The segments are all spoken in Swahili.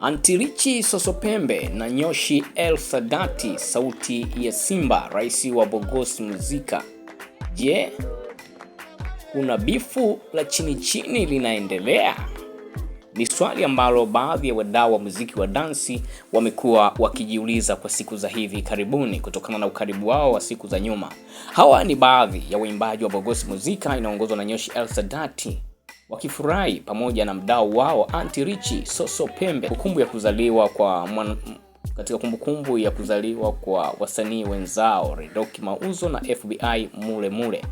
Antirichi Sosopembe na Nyoshi El Sadati, sauti ya Simba, rais wa Bogos Muzika. Je, kuna bifu la chini chini linaendelea? Ni swali ambalo baadhi ya wadau wa muziki wa dansi wamekuwa wakijiuliza kwa siku za hivi karibuni kutokana na ukaribu wao wa siku za nyuma. Hawa ni baadhi ya waimbaji wa Bogosi Muzika inaongozwa na Nyoshi Elsadati wakifurahi pamoja na mdau wao Anti Richi Soso Pembe kumbukumbu ya kuzaliwa kwa mwan... katika kumbukumbu ya kuzaliwa kwa wasanii wenzao Redoki Mauzo na FBI Mulemule Mule.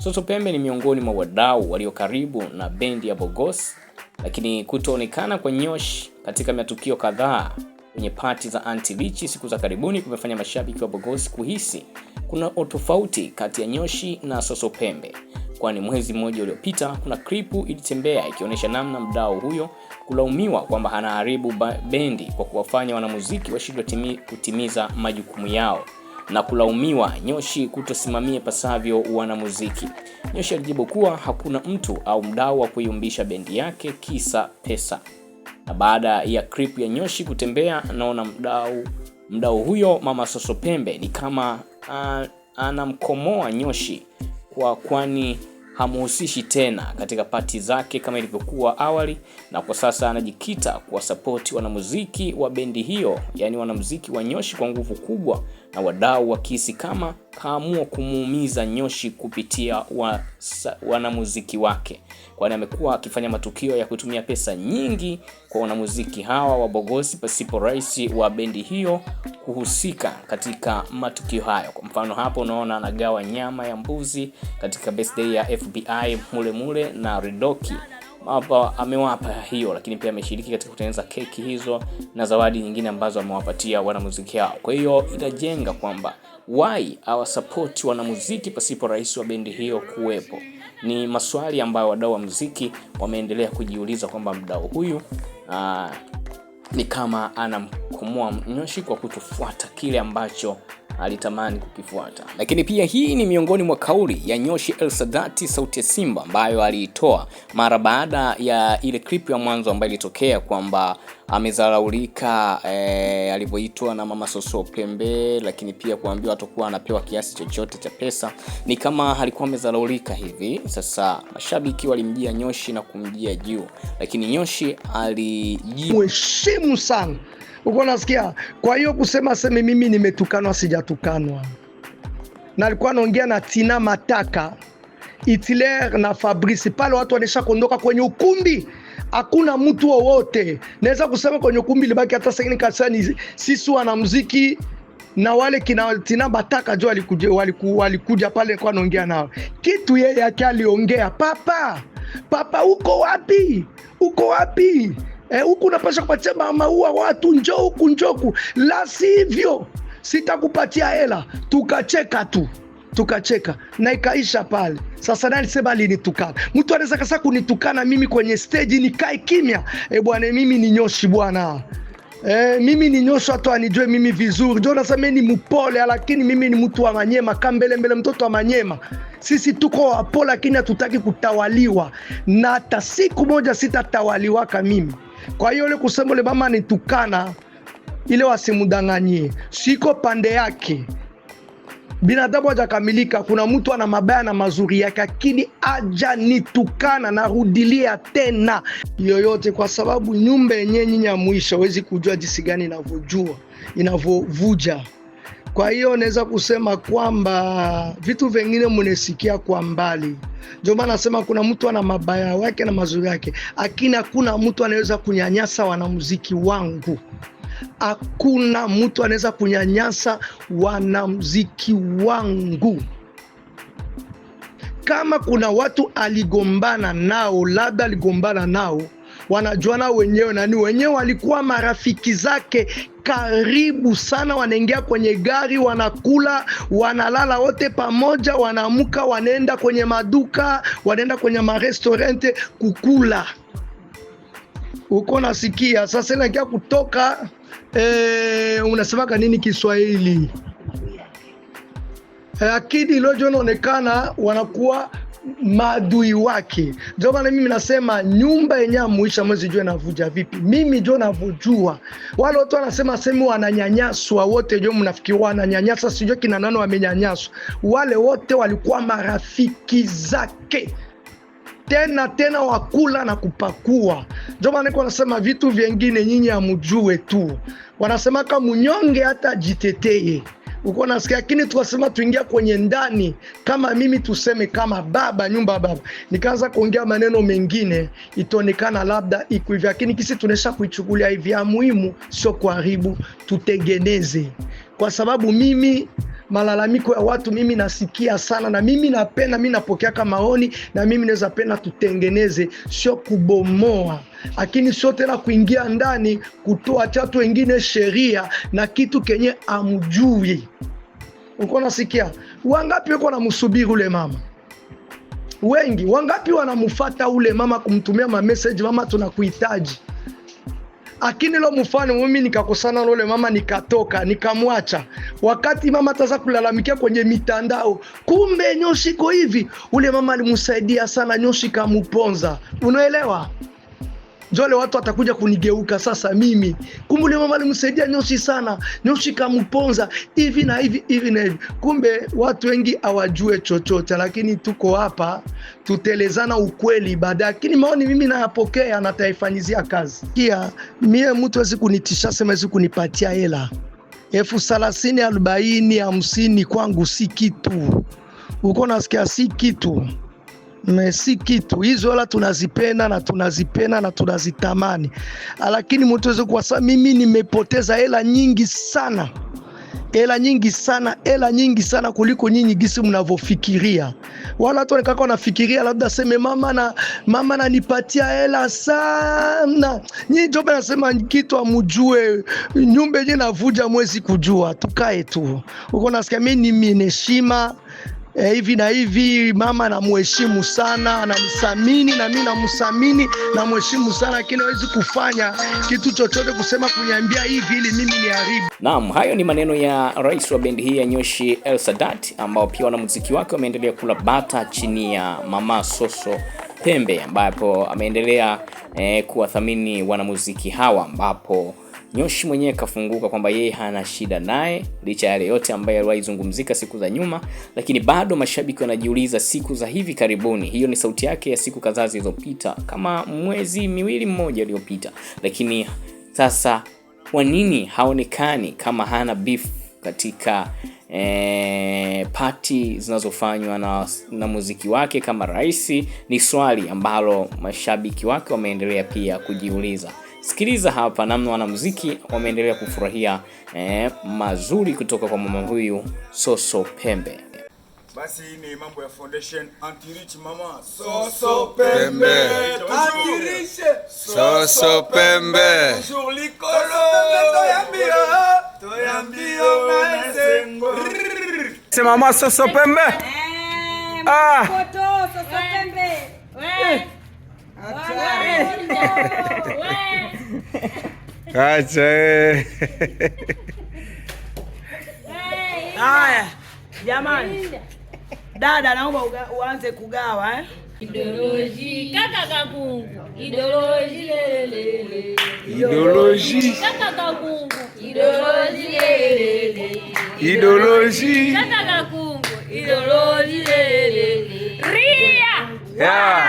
Soso Pembe ni miongoni mwa wadau walio karibu na bendi ya Bogosi lakini kutoonekana kwa Nyosh katika matukio kadhaa kwenye pati za antibichi siku za karibuni kumefanya mashabiki wa Bogosi kuhisi kuna utofauti kati ya Nyoshi na Soso Pembe, kwani mwezi mmoja uliopita kuna kripu ilitembea ikionyesha namna mdao huyo kulaumiwa kwamba anaharibu bendi kwa kuwafanya wanamuziki washindwa kutimiza majukumu yao na kulaumiwa Nyoshi kutosimamia pasavyo wanamuziki. Nyoshi alijibu kuwa hakuna mtu au mdau wa kuiumbisha bendi yake kisa pesa, na baada ya clip ya Nyoshi kutembea, naona mdau mdau huyo Mama Soso Pembe ni kama anamkomoa Nyoshi kwa kwani hamuhusishi tena katika pati zake kama ilivyokuwa awali, na kwa sasa anajikita kuwasapoti wanamuziki wa bendi hiyo, yaani wanamuziki wa Nyoshi kwa nguvu kubwa na wadau kisi kama kaamua kumuumiza Nyoshi kupitia wa, sa, wanamuziki wake, kwani amekuwa akifanya matukio ya kutumia pesa nyingi kwa wanamuziki hawa wabogosi pasipo rais wa bendi hiyo kuhusika katika matukio hayo. Kwa mfano hapo unaona anagawa nyama ya mbuzi katika birthday ya FBI mulemule mule na Ridoki hapa amewapa hiyo, lakini pia ameshiriki katika kutengeneza keki hizo na zawadi nyingine ambazo amewapatia wanamuziki hao. Kwa hiyo itajenga kwamba why awasapoti wanamuziki pasipo rais wa bendi hiyo kuwepo. Ni maswali ambayo wadau wa muziki wameendelea kujiuliza kwamba mdau huyu aa, ah, ni kama anamkomoa mnyoshi kwa kutofuata kile ambacho alitamani kukifuata. Lakini pia hii ni miongoni mwa kauli ya Nyoshi El Sadati sauti ya Simba ambayo aliitoa mara baada ya ile clip ya mwanzo ambayo ilitokea kwamba amezaraulika eh, alivyoitwa na mama Soso Pembe, lakini pia kuambiwa atakuwa anapewa kiasi chochote cha pesa. Ni kama alikuwa amezaraulika hivi. Sasa mashabiki walimjia Nyoshi na kumjia juu, lakini Nyoshi alijibu, sana uko nasikia. Kwa hiyo kusema seme mimi nimetukanwa, sijatukanwa. Nalikuwa naongea na Tina Mataka Itiler na Fabrice pale, watu wanesha kondoka kwenye ukumbi, hakuna mtu wowote naweza kusema kwenye ukumbi libaki hata sekini kabisa ni sisi wana muziki na wale kina Tina Mataka jo walikuja, waliku, walikuja pale kwa naongea nao kitu yeye yake aliongea, papa papa, uko wapi? Uko wapi? Eh, huku eh, unapasha kupatia maua watu, njo huku, njoku, la sivyo sitakupatia hela. Tukacheka tu tukacheka na ikaisha pale. Sasa nani sema alinitukana? Mtu anaweza kasa kunitukana mimi kwenye steji nikae kimya? E bwana, mimi ni nyoshi bwana. E, mimi ni nyosho, watu anijue mimi vizuri. Jo, nasema ni mpole, lakini mimi ni mtu wa manyema, ka kambelembele, mtoto wa manyema. Sisi tuko wapole, lakini hatutaki kutawaliwa, na hata siku moja sitatawaliwaka mimi. Kwa hiyo ile kusema ule mama nitukana ile, wasimdanganyie, siko pande yake. Binadamu hajakamilika, kuna mtu ana mabaya na mazuri yake, lakini aja nitukana, narudilia tena yoyote, kwa sababu nyumba yenyewe nyinyi ya mwisho hawezi kujua jinsi gani inavyojua inavyovuja. Kwa hiyo naweza kusema kwamba vitu vengine mnesikia kwa mbali, ndio maana nasema kuna mtu ana mabaya wake na mazuri yake, lakini hakuna mtu anaweza kunyanyasa wanamuziki wangu. Hakuna mtu anaweza kunyanyasa wanamuziki wangu. Kama kuna watu aligombana nao, labda aligombana nao wanajuana wenyewe, nani wenyewe walikuwa marafiki zake karibu sana, wanaingia kwenye gari, wanakula, wanalala wote pamoja, wanaamka, wanaenda kwenye maduka, wanaenda kwenye marestaurante kukula uko nasikia sasa, nakia kutoka e, eh, unasemaka nini Kiswahili? lakini akidi iliojo inaonekana wanakuwa maadui wake. Ndio maana mimi nasema nyumba yenye amuisha mwezi jua navuja vipi? Mimi ndio navojua wale watu wanasema sehemu wananyanyaswa wote, jo mnafikiri wananyanyasa, sijua kina nani wamenyanyaswa. Wale wote walikuwa marafiki zake tena tena wakula na kupakua. Ndio maana niko nasema vitu vyengine nyinyi amujue tu, wanasemaka munyonge hata jiteteye uko nasikia, lakini tukasema tuingia kwenye ndani, kama mimi tuseme kama baba nyumba baba, nikaanza kuongea maneno mengine, itaonekana labda iko hivi, lakini kisi tunaesha kuichukulia hivi. Ya muhimu sio kuharibu, tutengeneze kwa sababu mimi malalamiko ya watu mimi nasikia sana, na mimi napenda, mimi napokea kama maoni, na mimi naweza penda tutengeneze, sio kubomoa, lakini sio tena kuingia ndani kutoa chatu wengine sheria na kitu kenye amjui. Uko nasikia wangapi wako namsubiri ule mama wengi, wangapi wanamufata ule mama kumtumia mameseji, mama tunakuhitaji akini lo mfano mimi nikakosana lole mama nikatoka nikamwacha, wakati mama taza kulalamikia kwenye mitandao, kumbe nyoshi iko hivi. Ule mama alimsaidia sana, nyoshi kamuponza, unaelewa? wale watu watakuja kunigeuka sasa mimi. Kumbe mama alimsaidia Nyoshi sana. Nyoshi kamponza hivi na hivi hivi na hivi. Kumbe watu wengi hawajue chochote, lakini tuko hapa tutelezana ukweli baadaye. Lakini maoni mimi nayapokea na taifanyizia kazi. pia. mie mtu wezi kunitisha, sema wezi kunipatia hela. Elfu thalathini arobaini, hamsini kwangu si kitu. Uko nasikia si kitu mesi kitu hizo wala tunazipenda na tunazipenda na tunazitamani, lakini mtu kuwa sa, mimi nimepoteza hela nyingi sana, hela nyingi sana, hela nyingi sana kuliko nyinyi gisi mnavyofikiria. Wala watu nikaka wanafikiria labda seme mama na mama nanipatia hela sana. Nyinyi jobe, nasema kitu amujue, nyumba yenyewe navuja, mwezi kujua, tukae tu uko nasikia mimi ni heshima E, hivi na hivi mama namheshimu sana, namsamini na mimi namsamini, namheshimu sana lakini hawezi kufanya kitu chochote kusema kuniambia hivi ili mimi niharibu. Naam, hayo ni maneno ya rais wa bendi hii ya Nyoshi El Sadat, ambao pia wanamuziki wake wameendelea kula bata chini ya Mama Soso Pembe, ambapo ameendelea eh, kuwathamini wanamuziki hawa ambapo Nyoshi mwenyewe kafunguka kwamba yeye hana shida naye licha ya yote ambayo aliwaizungumzika siku za nyuma, lakini bado mashabiki wanajiuliza siku za hivi karibuni. Hiyo ni sauti yake ya siku kadhaa zilizopita, kama mwezi miwili mmoja uliopita. Lakini sasa kwa nini haonekani kama hana beef katika E, eh, pati zinazofanywa na, na muziki wake kama Rais ni swali ambalo mashabiki wake wameendelea pia kujiuliza. Sikiliza hapa namna wanamuziki wameendelea kufurahia eh, mazuri kutoka kwa mama huyu Soso Pembe. Basi ni mambo ya foundation anti-rich mama Soso Pembe. Anti-rich Soso Pembe. Bonjour likolo toyambio toyambio mama Soso Pembe. Eh, ah. Acha. Haya. Jamani. Dada naomba uanze kugawa eh? Ideoloji kaka kakungu. Ideoloji lelele. Ideoloji kaka kakungu. Ideoloji lelele. Ideoloji kaka kakungu. Ideoloji lelele. Ria. Yeah.